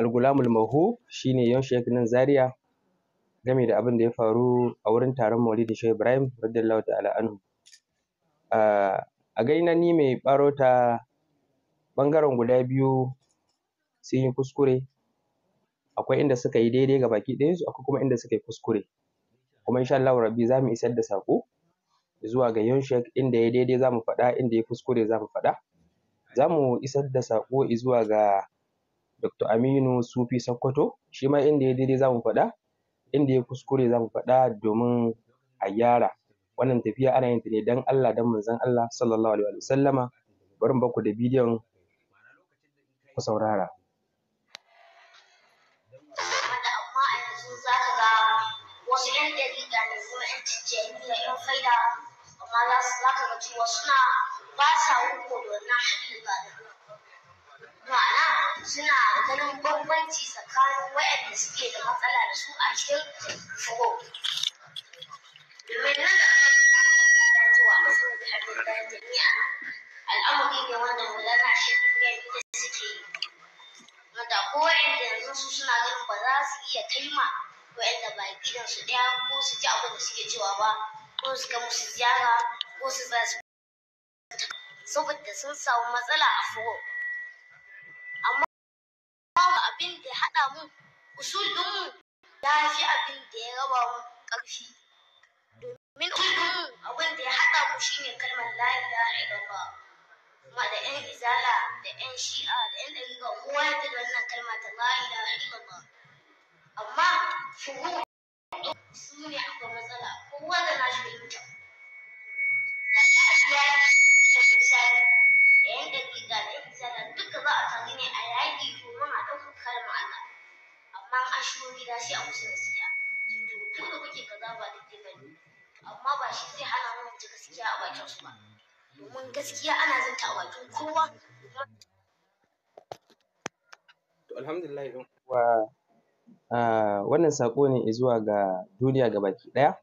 Al-Gulamul Mahu shine yan nan Zaria game da abin da ya faru a wurin taron maulidi Shehu Ibrahim radiyallahu ta'ala anhu. A gaina ni mai barota ɓangaren guda biyu sun yi kuskure akwai inda suka yi daidai ga baki ɗayansu akwai kuma inda suka yi kuskure kuma insha Allah rabbi za mu isar da sako zuwa ga shek inda ya daidai za mu faɗa inda ya kuskure za mu faɗa za mu isar da sako zuwa ga Dr. Aminu Sufi sokoto shi ma inda ya daidai za mu faɗa inda ya kuskure za mu faɗa domin a gyara wannan tafiya ana yin ta ne dan Allah dan manzon Allah sallallahu alaihi wa sallama bari mu baku da bidiyon ku saurara wasu 'yan jarida ne kuma 'yan tijjaniya 'yan faida amma za ka ga cewa suna ba sa wuko da wannan hakika ma'ana suna ganin bambanci tsakanin waɗanda suke da matsala da su a cikin fugo domin nan da aka yi cewa asirin da abin da jami'a al'amari ne wanda mulana shekaru da suke yi wanda ko da yanzu su suna ganin ba za su iya kaima waɗanda ba gidansu ɗaya ko su ji abin da suke cewa ba ko su ga musu ziyara ko su za su saboda sun samu matsala a fugo gina mu usul ya fi abin da ya raba mu ƙarfi domin usul abin da ya haɗa mu shine kalmar da ya illallah kuma da yan izala da yan shi'a da yan ɗariƙa kowa ya da wannan kalma ta da ya illallah amma furu su ne akwai matsala kowa da nashi da mutum da ya yi da misali da yan ɗariƙa da yan izala duka za a tare ne a yaƙi domin a ɗaukar kalmar Allah amma an gida sai a musu nasiha to ku da kuke kaza ba daidai ba ne amma ba shi zai hana mu ji gaskiya a bakin su ba domin gaskiya ana zanta a bakin kowa to alhamdulillah don wa wannan saƙo ne zuwa ga duniya ga baki ɗaya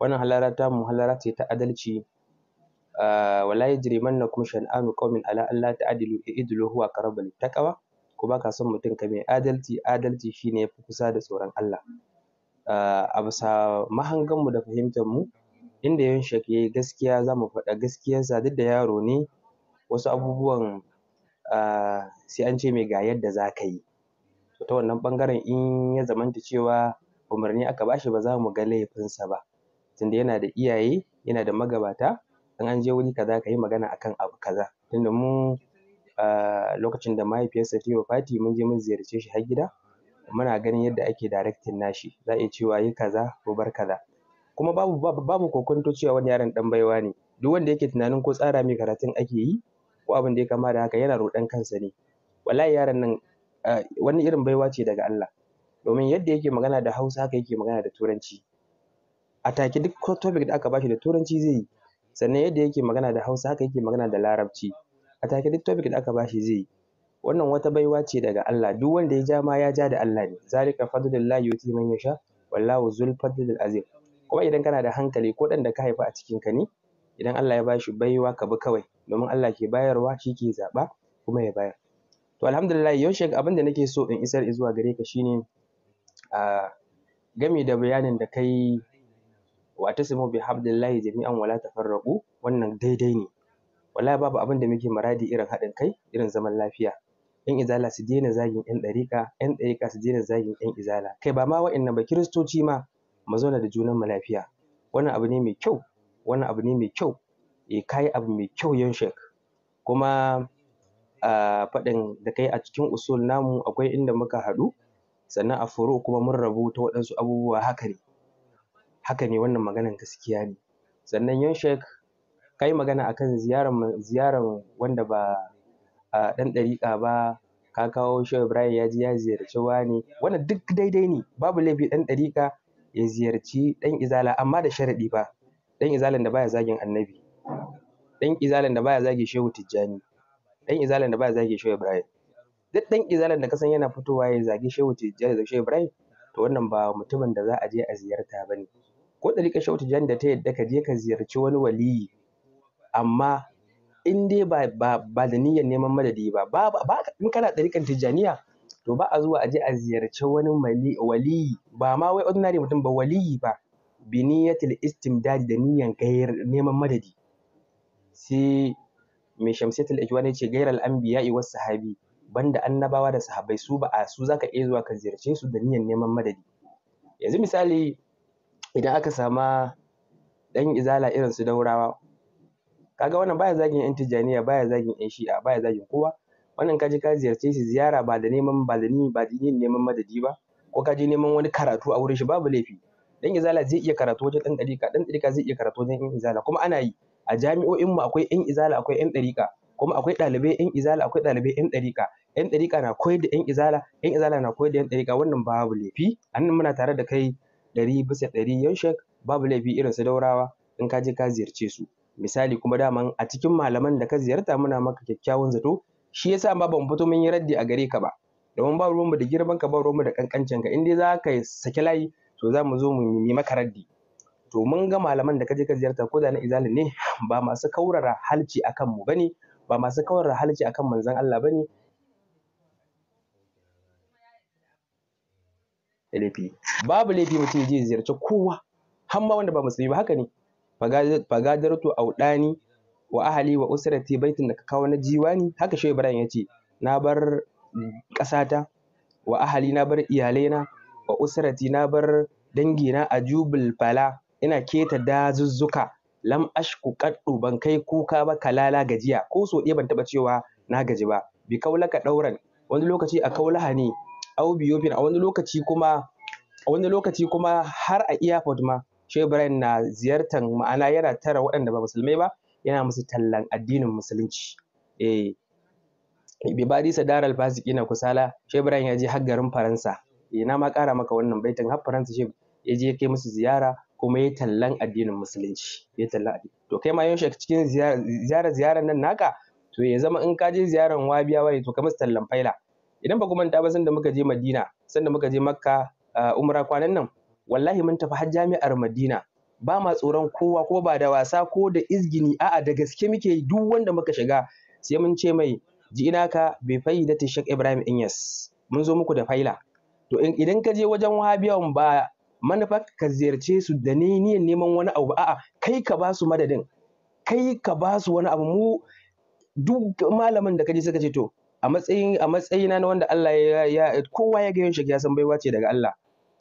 wannan halara ta mu halara ce ta adalci wala yajrimannakum shan'anu qaumin ala alla ta'dilu i'dilu huwa qarabul taqwa Kuma ka san mutum ka mai adalci adalci shine fi kusa da tsoron Allah ah, a bisa mahangan mu da fahimtar mu inda yawan shek yayi gaskiya za mu faɗa gaskiyarsa duk da yaro ne wasu abubuwan ah, sai an ce mai ga yadda za ka yi to ta wannan ɓangaren in ya zamanta cewa umarni aka bashi ba za mu ga laifinsa ba tunda yana da iyaye yana da magabata in an je wuri kaza ka yi magana akan abu kaza tunda mu lokacin da mahaifiyarsa ta yi Fati mun je mun ziyarce shi har gida muna ganin yadda ake directing nashi za a iya cewa yi kaza ko bar kaza kuma babu babu kokonto cewa wani yaron dan baiwa ne duk wanda yake tunanin ko tsara mai karatun ake yi ko abin da ya kama da haka yana roɗan kansa ne wallahi yaron nan wani irin baiwa ce daga Allah domin yadda yake magana da Hausa haka yake magana da Turanci a duk topic da aka bashi da Turanci zai yi sannan yadda yake magana da Hausa haka yake magana da Larabci a take duk topic da aka bashi zai yi wannan wata baiwa ce daga Allah duk wanda ya ja ma ya ja da Allah ne zalika fadlullahi yuti man yasha wallahu zul fadlil azim kuma idan kana da hankali ko dan da ka haifa a cikin ka ne idan Allah ya bashi baiwa ka bi kawai domin Allah ke bayarwa shi ke zaba kuma ya bayar to alhamdulillah yau shek abin da nake so in isar zuwa gare ka shine a game da bayanin da kai wa tasmu bi jami'an wala tafarraqu wannan daidai ne wallahi babu abin da muke muradi irin haɗin kai irin zaman lafiya ‘yan izala su daina zagin ‘yan ɗariƙa ‘yan ɗariƙa su daina zagin ‘yan izala kai ba ma ba kiristoci ma mu zauna da junanmu lafiya wannan abu ne mai kyau wannan abu ne mai kyau Ya eh, kayi abu mai kyau yanshek kuma a faɗin da kai a cikin usul namu akwai inda muka haɗu sannan a furu kuma mun rabu ta waɗansu abubuwa haka ne haka ne wannan maganan gaskiya ne sannan yanshek ka yi magana a ziyaran ziyaran wanda ba a ɗan ɗariƙa ba ka kawo Shehu Ibrahim ya je ya ziyarci wani wannan duk daidai ne babu laifi ɗan ɗariƙa ya ziyarci ɗan izala amma da sharaɗi fa ɗan izalan da baya zagin annabi ɗan izalan da baya zagin Shehu Tijjani ɗan izalan da baya zagi Shehu Ibrahim duk ɗan izalan da ka san yana fitowa ya zagi Shehu Tijjani da Shehu Ibrahim to wannan ba mutumin da za a je a ziyarta ba ne ko ɗariƙar Shehu Tijjani da ta yadda ka je ka ziyarci wani waliyi amma in dai ba, da niyyar neman madadi ba, ba, ba in kana ɗariƙar Tijjaniya to ba a zuwa a je a ziyarci wani waliyi ba ma wai ordinary mutum ba waliyi ba bi niyyatil istimdad da niyyar gayar neman madadi sai mai shamsiyatul ikhwan ya ce gayar anbiya'i wasu sahabi banda annabawa da sahabbai su ba a su zaka iya zuwa ka ziyarce su da niyyar neman madadi yanzu misali idan aka sama ɗan izala irin su daurawa kaga wannan baya zagin yan tijjaniya baya zagin yan shi'a baya zagin kowa wannan kaje ka ziyarce shi ziyara ba da neman ba da ni ba da yin neman madadi ba ko kaje neman wani karatu a wurin shi babu laifi dan izala zai iya karatu wajen dan dariƙa dan dariƙa zai iya karatu wajen yan izala kuma ana yi a jami'o'in mu akwai yan izala akwai yan dariƙa kuma akwai ɗalibai yan izala akwai ɗalibai yan dariƙa yan dariƙa na koyar da yan izala yan izala na koyar da yan dariƙa wannan babu laifi A nan muna tare da kai ɗari bisa ɗari yanshek babu laifi irin su daurawa in ka je ka ziyarce su misali kuma daman a cikin malaman da ka ziyarta muna maka kyakkyawan zato shi yasa ma ban fito mun yi raddi a gare ka ba domin ba ruwanmu da girman ka ba ruwanmu da kankancin ka in dai za ka saki layi to za mu zo mu yi maka raddi to mun ga malaman da ka je ka ziyarta ko da na izalin ne ba masu kaurara halci akan mu bane ba masu kaurara halci akan manzon Allah bane laifi babu laifi mutum ya je ziyarci kowa har wanda ba musulmi ba haka ne fagadartu auɗani wa ahali wa usrati baitin da ka kawo na jiwani haka shehu ibrahim ya ce na bar ƙasata wa ahali na bar iyalaina wa usrati na bar dangina a jubul fala ina keta dazuzzuka lam ashku kaddu ban kai kuka ba kalala gajiya ko so ɗaya ban taɓa cewa na gaji ba bi kaulaka ɗauran wani lokaci a kaulaha ne au biyofin a wani lokaci kuma wani lokaci kuma har a iya ma Shehu ibrahim na ziyartar ma'ana yana tara waɗanda ba musulmai ba yana musu tallan addinin musulunci eh ba badi sadar fasiki na kusala Shehu ibrahim ya je har garin faransa eh ma ƙara maka wannan baitin har faransa Shehu ya je kai musu ziyara kuma ya tallan addinin musulunci ya tallan addini to kai ma yaushe cikin ziyara ziyarar nan naka to ya zama in ka je ziyarar wabiyawa ne to ka musu tallan faila idan ba ku manta ba sanda muka je madina sanda muka je makka ah, umra kwanan nan wallahi mun tafi har jami'ar Madina ba ma tsoron kowa ko ba da wasa ko da izgini a'a da gaske muke duk wanda muka shiga sai mun ce mai ji ina ka bai fayi da Sheikh Ibrahim Inyas mun zo muku da faila to idan ka je wajen wahabiyawan ba manufa ka ziyarce su da niyyar neman wani abu a'a kai ka ba su madadin kai ka ba su wani abu mu duk malamin da ka je suka ce to a matsayin a matsayina na wanda Allah ya kowa ya ga yin shi ya san baiwa ce daga Allah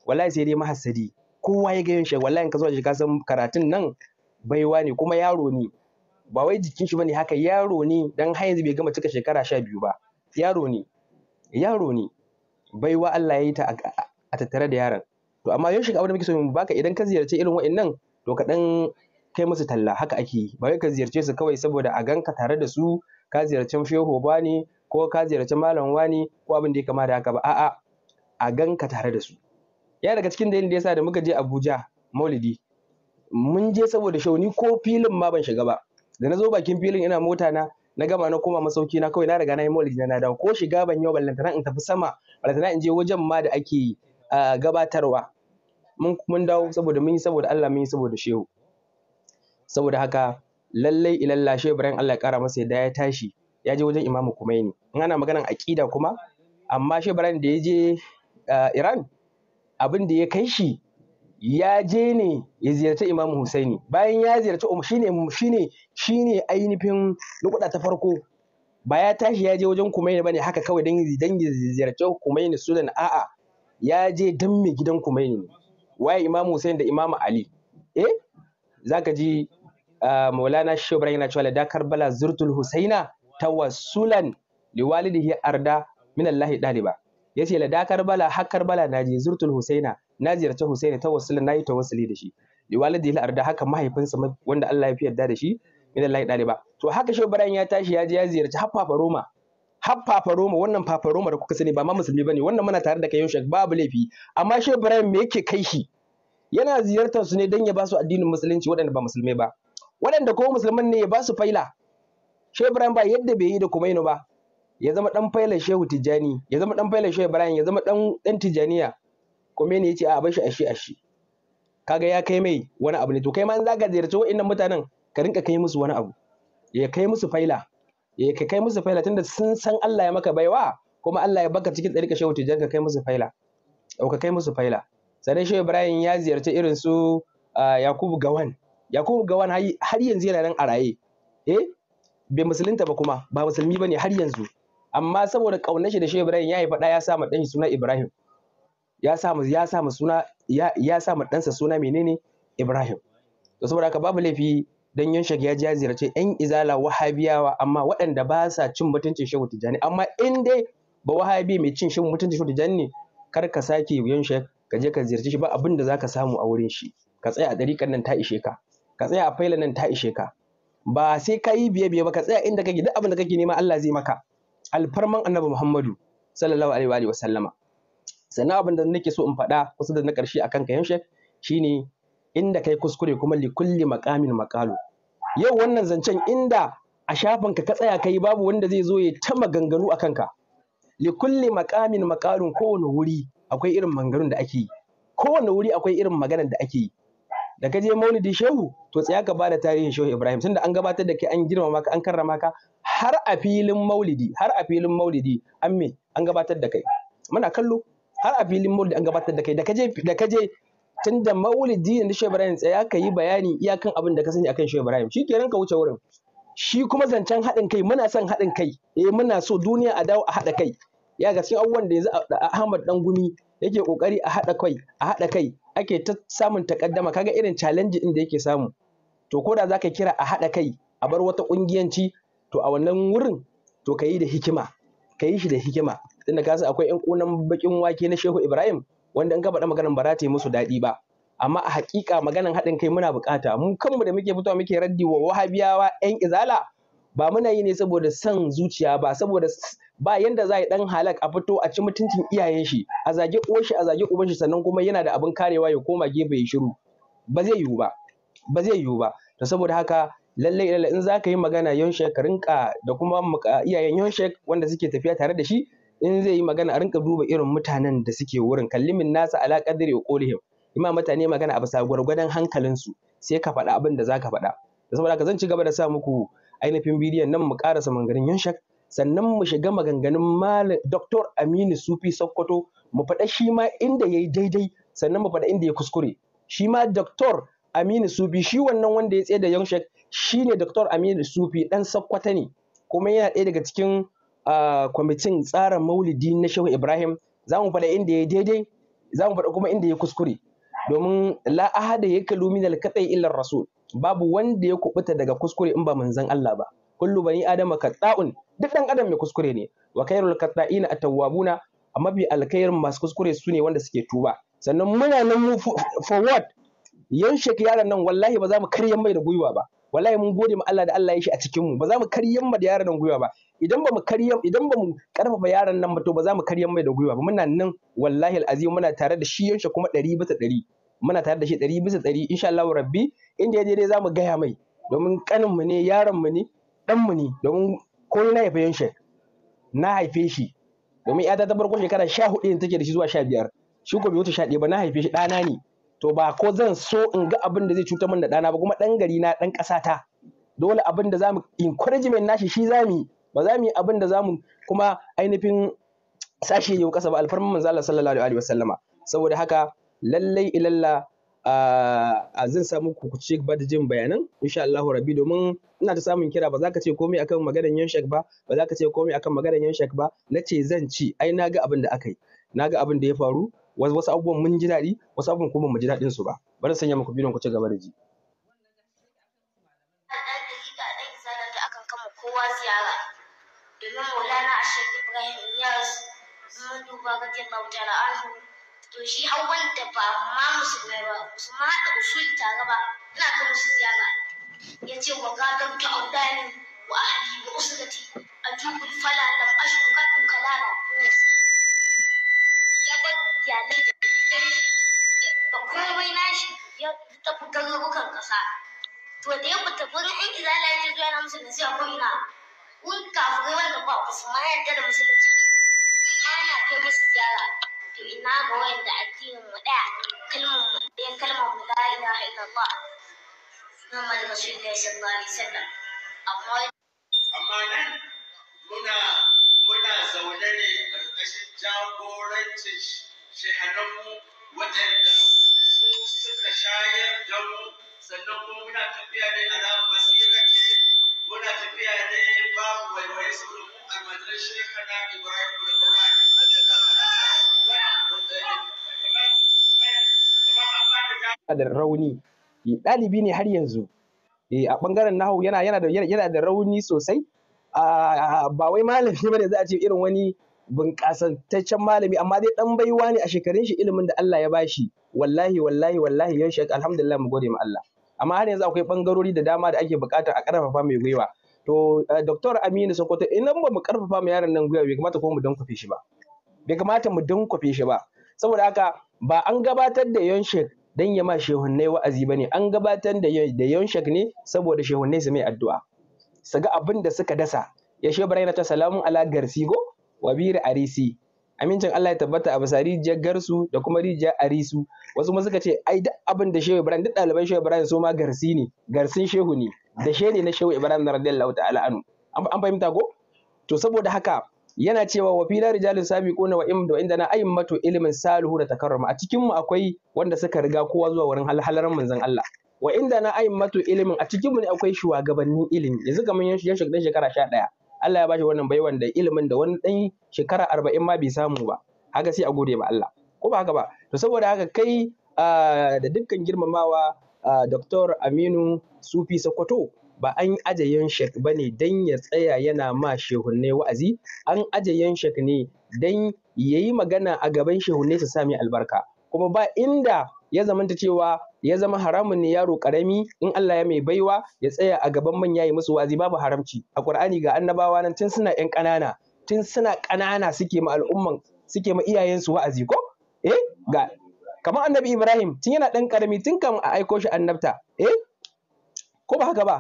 wallahi sai dai mahassadi kowa ya yin shi wallahi in ka zo san karatun nan baiwa ne kuma yaro ne ba wai jikin shi bane haka yaro ne dan har yanzu bai gama cika shekara sha biyu ba yaro ne yaro ne baiwa Allah ya yi ta a tattare da yaron to amma yau shiga abin da muke so mu baka idan ka ziyarci irin wa'annan to ka dan kai musu talla haka ake yi ba wai ka ziyarce su kawai saboda a ganka tare da su ka ziyarci shehu ba ne ko ka ziyarci malam wani ko abin da ya kama da haka ba a'a a ganka tare da su ya daga cikin dalilin da yasa da muka je Abuja Maulidi mun je saboda shauni ko filin ma ban shiga ba da nazo bakin filin ina mota na na gama na koma masauki na kawai na riga na yi maulidi na dawo ko shiga ban yau ballantana in tafi sama ballantana in je wajen ma da ake gabatarwa mun mun dawo saboda mun yi saboda Allah mun yi saboda shehu saboda haka lallai ilalla shehu Ibrahim Allah ya kara masa yadda ya tashi ya je wajen Imam Kumaini in ana maganar aqida kuma amma shehu Ibrahim da ya je Iran abin da ya kai shi ya je ne ya ziyarci Imam Husaini bayan ya ziyarci umm, shine shine shine ainihin lokuta ta farko ba ya tashi ya je wajen Kumaini bane haka kawai dan dan ziyarci Kumaini Sudan a'a ya je dan mai gidan Kumaini ne waye Imam Husaini da Imam Ali eh zaka ji ah, Maulana Shehu Ibrahim yana cewa da karbala zurtul Husaina tawassulan liwalidihi arda min ɗaliba. daliba ya ce la dakar bala hakkar bala na je zurtul husaina na ziyarci Husaina ta wasu na yi ta wasu da shi liwalidi la arda haka mahaifinsa wanda Allah ya fi yarda da shi min Allah ɗaliba. to haka shehu ya tashi ya je ya ziyarci haffafa Roma haffafa Roma wannan fafa Roma da kuka sani ba ma musulmi bane wannan muna tare da kayan shek babu laifi amma shehu Ibrahim me yake kai shi yana ziyartar su ne don ya ba su addinin musulunci waɗanda ba musulmai ba waɗanda ko musulman ne ya ba su faila shehu ba yadda bai yi da Kumainu ba ya zama dan failan shehu tijjani ya zama dan failan shehu ibrahim ya zama dan dan tijjaniya ne yace a bashi ashi ashi kaga ya kai mai wani abu ne to kai ma in zaka ziyarci wa'annan mutanen ka rinka kai musu wani abu ya kai musu faila ya ka kai musu faila tunda sun san Allah ya maka baiwa kuma Allah ya baka cikin ɗariƙa shehu tijjani ka kai musu faila ko ka kai musu faila sannan shehu ibrahim ya ziyarci irin su yakubu gawan yakubu gawan har yanzu yana nan a raye eh bai musulunta ba kuma ba musulmi bane har yanzu amma saboda ƙaunar shi da shi Ibrahim ya haifa ɗa ya sa ma ɗan shi suna Ibrahim ya sa mu ya sa mu suna ya ya sa mu ɗansa suna menene Ibrahim to saboda haka babu laifi dan yan shagiya ya ji ziyarce yan izala wahabiyawa amma waɗanda ba sa cin mutuncin shehu tijani amma in dai ba wahabi mai cin shehu mutuncin shehu tijani ne kar ka sake yan shag ka je ka ziyarci shi ba abin da zaka samu a wurin shi ka tsaya a ɗariƙar nan ta ishe ka ka tsaya a failan nan ta ishe ka ba sai ka yi biye biye ba ka tsaya inda kake duk abin da kake nema Allah zai maka alfarman annabi Muhammadu sallallahu alaihi wa sallama sannan abin da nake so in faɗa kusa da na ƙarshe akan kayan yanshe shine inda kai kuskure kuma li kulli maqamin maqalu yau wannan zancen inda a shafin ka tsaya kai babu wanda zai zo ya ta maganganu akan ka li kulli maqamin maqalun kowane wuri akwai irin maganganun da ake yi kowane wuri akwai irin maganar da ake yi da ka je maulidi shehu to tsaya ka bada tarihin shehu ibrahim tunda an gabatar da kai an girmama ka an karrama ka har a filin maulidi har a filin maulidi an me an gabatar da kai muna kallo har a filin maulidi an gabatar da kai da kaje da kaje tunda maulidi ne shehu ibrahim tsaya ka yi bayani iyakan abin da ka sani akan shehu ibrahim shikenan ka wuce wurin shi kuma zancen haɗin kai muna son haɗin kai eh muna so duniya a dawo a haɗa kai ya ga cikin abubuwan da yanzu Ahmad Dangumi yake kokari a haɗa kai a haɗa kai ake ta samun takaddama kaga irin challenge din da yake samu to ko da zaka kira a haɗa kai a bar wata ƙungiyanci to a wannan wurin to ka da hikima kayi shi da hikima tunda ka san akwai ƴan ƙunan baƙin wake na Shehu Ibrahim wanda in ka faɗa maganar ba za ta yi musu daɗi ba amma a haƙiƙa maganan haɗin kai muna buƙata mu kanmu da muke fitowa muke raddi wa wahabiyawa ƴan izala ba muna yi ne saboda son zuciya ba saboda ba yanda za a yi dan halak a fito a ci mutuncin iyayen shi a zage uwar shi a zage uban shi sannan kuma yana da abin karewa ya koma gefe ya shiru ba zai yiwu ba ba zai yiwu ba to saboda haka lalle lalle in zaka yi magana yonshek ka rinka da kuma iyayen yonshek wanda suke tafiya tare da shi in zai yi magana a rinka duba irin mutanen da suke wurin kallimin nasa ala qadri wa qulihim Ima mutane magana a bisa gwargwadon hankalinsu sai ka faɗa abin da zaka faɗa saboda haka zan ci gaba da sa muku ainihin bidiyon nan mu karasa maganganun yanshak sannan mu shiga maganganun malam Dr. Aminu Sufi Sokoto mu faɗa shi ma inda yayi daidai sannan mu faɗa inda ya kuskure shi ma Dr. Aminu Sufi shi wannan wanda ya tsaye da yanshak ne Dr. Aminu Sufi dan Sokoto ne kuma yana ɗaya daga cikin kwamitin tsara maulidi na Shehu Ibrahim za mu faɗa inda ya yi daidai za mu faɗa kuma inda ya kuskure domin la ahada ya kalu minal katsai illar rasul babu wanda ya kubuta daga kuskure in ba manzon Allah ba kullu bani adama kata'un duk dan adam mai kuskure ne wa kairul a atawabuna amma bi alkhair masu kuskure su ne wanda suke tuba sannan muna nan mu forward yanshe yaron nan wallahi ba za mu karyan mai da gwiwa ba wallahi mun gode ma Allah da Allah ya shi a cikin mu ba za mu karyan ma da yaron nan gwiwa ba idan ba mu karyan idan ba mu karfafa yaron nan ba to ba za mu karyan mai da gwiwa ba muna nan wallahi alazim muna tare da shi yaushe kuma ɗari bisa ɗari muna tare da shi ɗari bisa ɗari insha Allah rabbi inda ya je dai za mu gaya mai domin kanin mu ne yaron mu ne dan mu ne domin ko na haife shi na haife shi domin ƴata ta farko shekara sha hudu yanzu take da shi zuwa sha biyar shi ko bai wuce 11 ba na haife shi ɗana ne to ba ko zan so in ga abin da zai cutar min da ɗana ba kuma ɗan gari na ɗan ta? dole abin da zamu encouragement nashi shi zamu ba za mu yi abin da zamu kuma ainihin sashi yau ƙasa ba alfarman manzo Allah sallallahu alaihi wasallama saboda haka lallai ilalla a ah, zan samu ku ci gaba da jin bayanan insha Allahu rabbi domin ina ta samun kira ba za ka ce komai akan maganar yanshak ba ba za ka ce komai akan maganar yanshak ba na ce zan ci ai na ga abin da aka yi na ga abin da ya faru wasu abubuwan mun ji daɗi wasu abubuwan kuma mu ji daɗin su ba bari sanya muku bidiyon ku ci gaba da ji kowa ziyara domin maulana a shekaru ibrahim iyas mun duba ga jin bautar anhu to shi hawan da ba ma musulmai ba su ma haɗa usul tare ba ina kan musu ziyara ya ce wa gadon ta audani wa ahli wa usrati a jubul fala lam ashku kaddu kalala ya ba iyalai da dare ba komai shi ya tafi garurukan ƙasa to da ya fita gurin ɗan izala ya ce zuwa na musulmi sai akwai ina kun kafirai wanda ba ku su ma yarda da musulunci amma yana kai musu ziyara to ina ga wanda addinin mu daya kalmar mu daya kalmar mu la ilaha illallah Muhammad Rasulullah sallallahu alaihi wasallam amma amma nan muna muna zaune ne karkashin jagorancin shehananmu waɗanda su suka shayar da mu sannan kuma muna tafiya ne a nan basira ce muna tafiya ne babu waiwaye su almajiran shekana Ibrahim da rauni eh, ɗalibi ne har yanzu eh, a ɓangaren nahu yana yana da yana da rauni sosai ba wai malami bane za a ce irin wani bunƙasantaccen malami amma dai ɗan baiwa ne a shekarun shi ilimin da Allah ya bashi wallahi wallahi wallahi yan shek alhamdulillah mu gode ma Allah amma har yanzu akwai ɓangarori da dama da ake buƙata a ƙarfafa mai gwiwa to eh, Dr. Aminu Sokoto idan ba mu ƙarfafa mu yaron nan gwiwa bai kamata ko mu dankufe shi ba bai kamata mu dunkwafe shi ba saboda haka ba an gabatar da yonshek dan ya ma shehunnai wa'azi bane an gabatar da da yonshek ne saboda shehunnai su mai addu'a su ga abin da suka dasa ya shehu bara ta salamun ala garsigo wa biri arisi amincin Allah ya tabbata a basari rijiyar garsu da kuma rijiyar arisu wasu ma suka ce ai duk abin da shehu ibrahim duk ɗaliban shehu ibrahim su ma garsi ne garsin shehu ne da shehu ne na shehu ibrahim radiyallahu ta'ala anhu an fahimta ko to saboda haka yana cewa wa filar rijalin kuna wa im da inda na mato ilimin saluhu da takarrama a cikin mu akwai wanda suka riga kowa zuwa wurin halhalaran manzon Allah wa inda na mato ilimin a cikin mu ne akwai shugabannin ilimi yanzu kamar yan shekara shekara 11 Allah ya bashi wannan baiwan da ilimin da wani dan shekara 40 ma bai samu ba haka sai a gode ma Allah ko ba haka ba to saboda haka kai ah, da dukkan girmamawa ah, Dr. Aminu Sufi Sokoto ba an aje yanshek ba ne don ya tsaya yana ma shehunne wa'azi an aje yanshek ne don ya yi magana a gaban shehunne su sami albarka kuma ba inda ya zamanta cewa ya zama haramun ne yaro karami in Allah ya mai baiwa ya tsaya a gaban manya ya musu wa'azi babu haramci a Qur'ani ga annabawa nan tun suna yan ƙanana tun suna ƙanana suke ma al'umman suke ma iyayensu wa'azi ko eh ga kamar annabi Ibrahim tun yana ɗan ƙarami tun kan a aiko shi annabta eh ko ba haka ba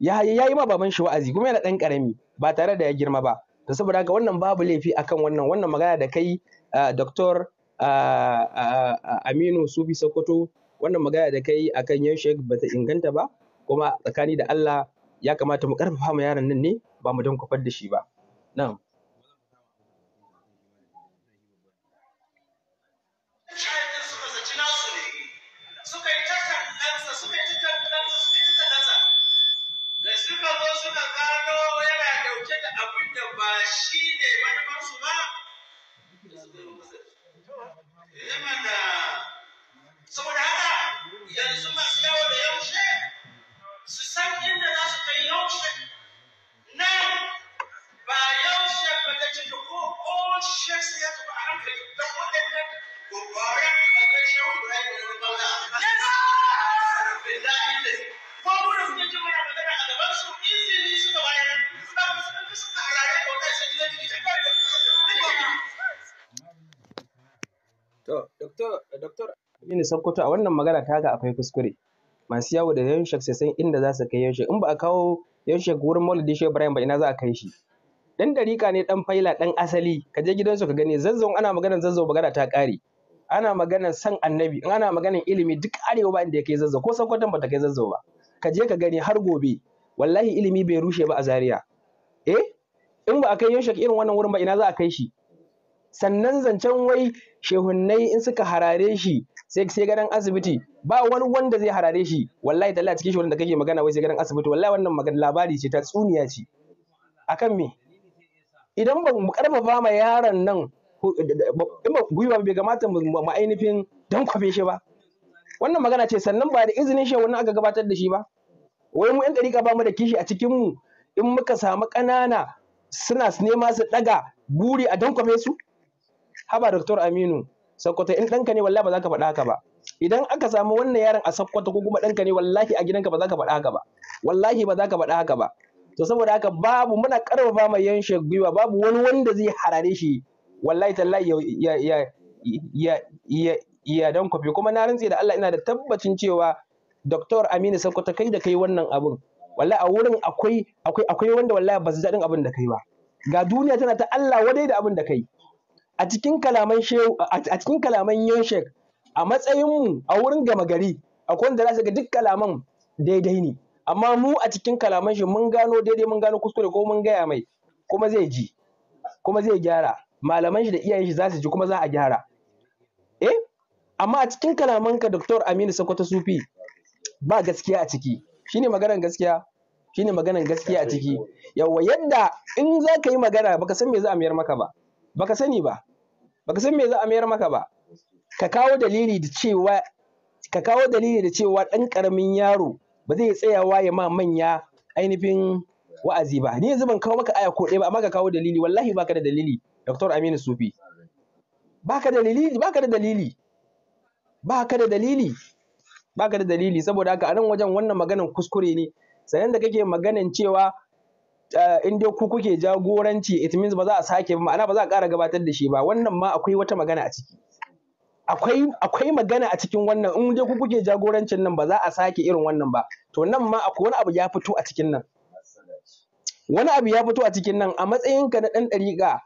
ya yi ma baban shi wa'azi kuma yana dan karami ba tare da ya girma ba to saboda haka wannan babu laifi akan wannan wannan magana da kai doctor Aminu Sufi Sokoto wannan magana da kai akan Yanshek bata inganta ba kuma tsakani da Allah ya kamata mu karfafa ma yaron nan ne ba mu don kwafar da shi ba na'am ne Sokoto a wannan magana ta ga akwai kuskure. Masu yawo da yanshek sai san inda za su kai yanshek. In ba a kawo shek wurin Maulidi Shehu Ibrahim ba ina za a kai shi. Dan dariƙa ne dan faila dan asali ka je gidansu ka gani zazzau ana magana zazzau magana ta ƙare. Ana magana san annabi in ana magana ilimi duk arewa ba inda ya kai zazzau ko Sokoton ba ta kai zazzau ba. Ka je ka gani har gobe wallahi ilimi bai rushe ba a Zaria. Eh in ba a kai shek irin wannan wurin ba ina za a kai shi. sannan zancen wai shehunnai in suka harare shi sai sai gadan asibiti ba wani wanda zai harare shi wallahi da cikin shi wanda kake magana wai sai gadan asibiti wallahi wannan magana labari ce ta tsuniya ce akan me idan ba mu karfafa ma yaron nan in ba gwiwa bai kamata mu ainihin dan kwabe shi ba wannan magana ce sannan ba da izinin shi wannan aka gabatar da shi ba wai mu yan dariƙa ba mu da kishi a cikin mu in muka samu ƙanana suna nema su ɗaga buri a dan su haba doktor aminu sakkwato in ɗanka ne wallahi ba za ka faɗa haka ba idan aka samu wannan yaron a sakkwato ko kuma ɗanka ne wallahi a gidanka ba za ka faɗa haka ba wallahi ba za ka faɗa haka ba to saboda haka babu muna karfafa mai yanshe gwiwa babu wani wanda zai harare shi wallahi tallahi ya ya ya ya ya dan kofi kuma na rantse da Allah ina da tabbacin cewa Dr. Aminu Sakkwato kai da kai wannan abun wallahi a wurin akwai akwai akwai wanda wallahi ba su daɗin abin da kai ba ga duniya tana ta Allah wadai da abin da kai a cikin kalaman shehu a matsayinmu a matsayin mu a wurin gama gari akwai wanda za su ga duk kalaman daidai ne amma mu a cikin kalaman shi mun gano daidai mun gano kuskure ko mun gaya mai kuma zai ji kuma zai gyara malaman shi da iyayen shi za su ji kuma za a gyara eh amma a cikin kalaman ka Dr. Aminu Sokoto Sufi ba gaskiya a ciki shine maganar gaskiya shine maganar gaskiya a ciki yawa yadda in za ka yi magana baka san me za a mayar maka ba baka sani ba baka san me za a mayar maka ba ka kawo dalili da cewa ka kawo dalili da cewa ɗan ƙaramin yaro ba zai tsayawa ya ma manya ainihin wa'azi ba ni yanzu ban kawo maka aya ko ɗaya ba amma ka kawo dalili wallahi baka da dalili Dr. Aminu Sufi baka da dalili baka da dalili baka da dalili baka da dalili saboda haka a nan wajen wannan maganan kuskure ne sanan da kake maganan cewa Eh, in dai ku kuke jagoranci it means ba za a sake ba ma'ana ba za a ƙara gabatar da shi ba wannan ma akwai wata magana a ciki akwai akwai magana a cikin wannan in dai ku kuke jagorancin nan ba za a sake irin wannan ba to nan ma akwai wani abu ya fito a cikin nan wani abu ya fito a cikin nan a matsayinka na ɗan ɗariƙa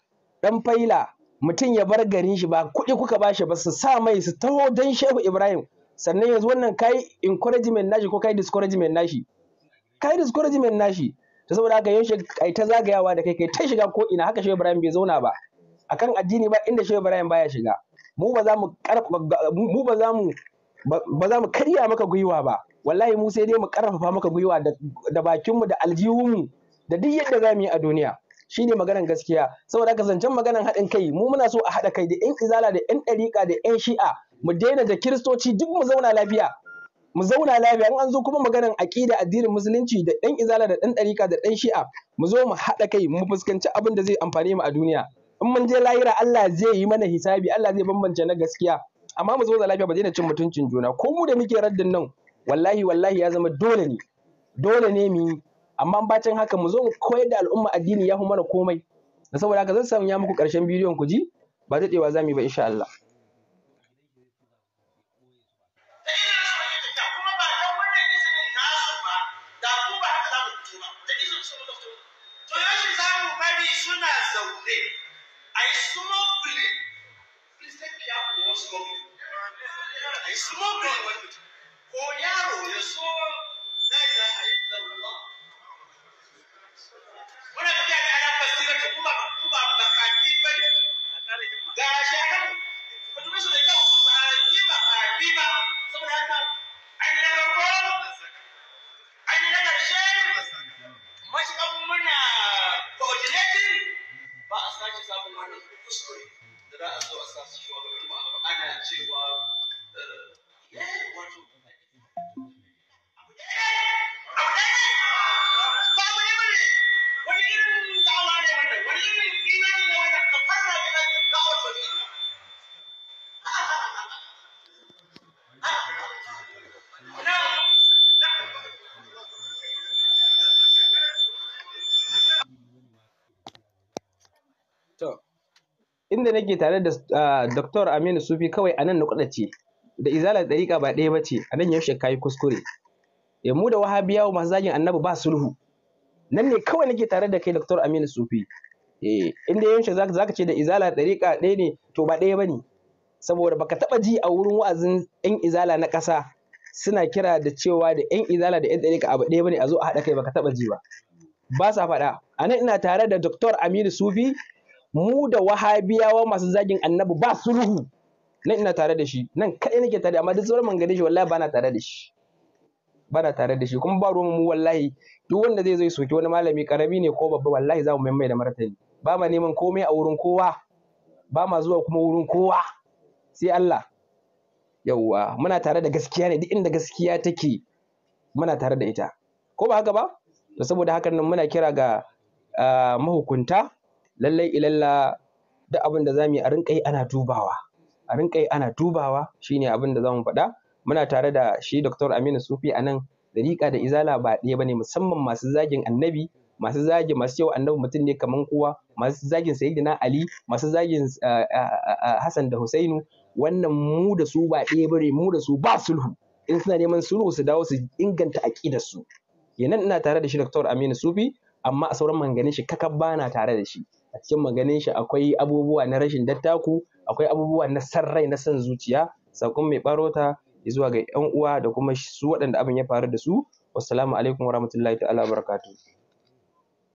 ɗan faila mutum ya bar garin shi ba kuɗi kuka ba shi ba su sa mai su taho dan shehu ibrahim sannan yanzu wannan kai encouragement nashi ko kai discouragement nashi kai discouragement nashi ta saboda haka yaushe kai ta zagayawa da kai kai ta shiga ko ina haka shehu ibrahim bai zauna ba akan addini ba inda shehu ibrahim baya shiga mu ba za mu mu ba za mu ba za mu karya maka gwiwa ba wallahi mu sai dai mu karfafa maka gwiwa da bakinmu da aljihunmu da duk yadda za mu yi a duniya Shi ne maganar gaskiya saboda haka zancen maganan haɗin kai mu muna so a haɗa kai da yan izala da yan ɗariƙa da yan shi'a mu daina da kiristoci duk mu zauna lafiya mu zauna lafiya in an zo kuma maganan aƙida addinin musulunci da ɗan izala da ɗan ɗarika da ɗan shi'a mu zo mu haɗa kai mu fuskanci abin da zai amfane mu a duniya in mun je lahira Allah zai yi mana hisabi Allah zai bambance na gaskiya amma mu zo da lafiya ba zai na cin mutuncin juna ko mu da muke raddin nan wallahi wallahi ya zama dole ne dole ne mu amma amma bacin haka mu zo mu koyar da al'umma addini ya fi mana komai saboda haka zan sanya muku ƙarshen bidiyon ku ji ba daɗewa za mu yi ba insha Allah inda nake tare da ah, Dr. Aminu Sufi kawai anan na kudace da izalar dariƙa ba ɗaya bace anan yaushe kai kuskure ya eh, mu da wahabiyawa masu zagin annabi ba sulhu nan ne kawai nake tare da kai Dr. Aminu Sufi eh inda yaushe zaka zaka ce da izalar dariƙa ɗaya ne to ba ɗaya bane saboda baka taba ji a wurin wa'azin ɗan izala na ƙasa suna kira da cewa da ɗan izala da ɗan dariƙa abu ɗaya bane a zo a haɗa kai baka taba ji ba ba sa faɗa anan ina tare da Dr. Aminu Sufi mu da wahabiyawa masu zagin annabi ba su ruhu. nan ina tare da shi nan kaɗai nake tare amma duk sauran mangane shi wallahi bana tare da shi bana tare da shi kuma ba ruwan mu wallahi duk wanda zai zo soki wani malami karami ne ko babba wallahi za mu mai da martani ba ma neman komai a wurin kowa ba ma zuwa kuma wurin kowa sai Allah yauwa muna tare da gaskiya ne duk inda gaskiya take muna tare da ita ko ba haka ba to saboda hakan nan muna kira ga ah, mahukunta lallai ilalla duk abin da za mu yi a rinƙa yi ana dubawa a rinƙa yi ana dubawa shine abin da za faɗa muna tare da shi Dr. Aminu Sufi a nan dariƙa da izala ba ɗaya bane musamman masu zagin annabi masu zagin masu cewa annabi mutum ne kaman kowa masu zagin sayyidina Ali masu zagin eh, eh, eh, Hassan da Husainu wannan mu da su ba ɗaya bane mu da su ba sulhu in suna neman sulhu su dawo su inganta aƙidar su kenan ina tare da shi Dr. Aminu Sufi amma a sauran manganin shi kakabba na tare da shi a cikin maganin shi akwai abubuwa na rashin dattaku akwai abubuwa na san rai na san zuciya sakon mai barota zuwa ga yan uwa da kuma su waɗanda abin ya faru da su wassalamu alaikum warahmatullahi ta'ala barakatuhu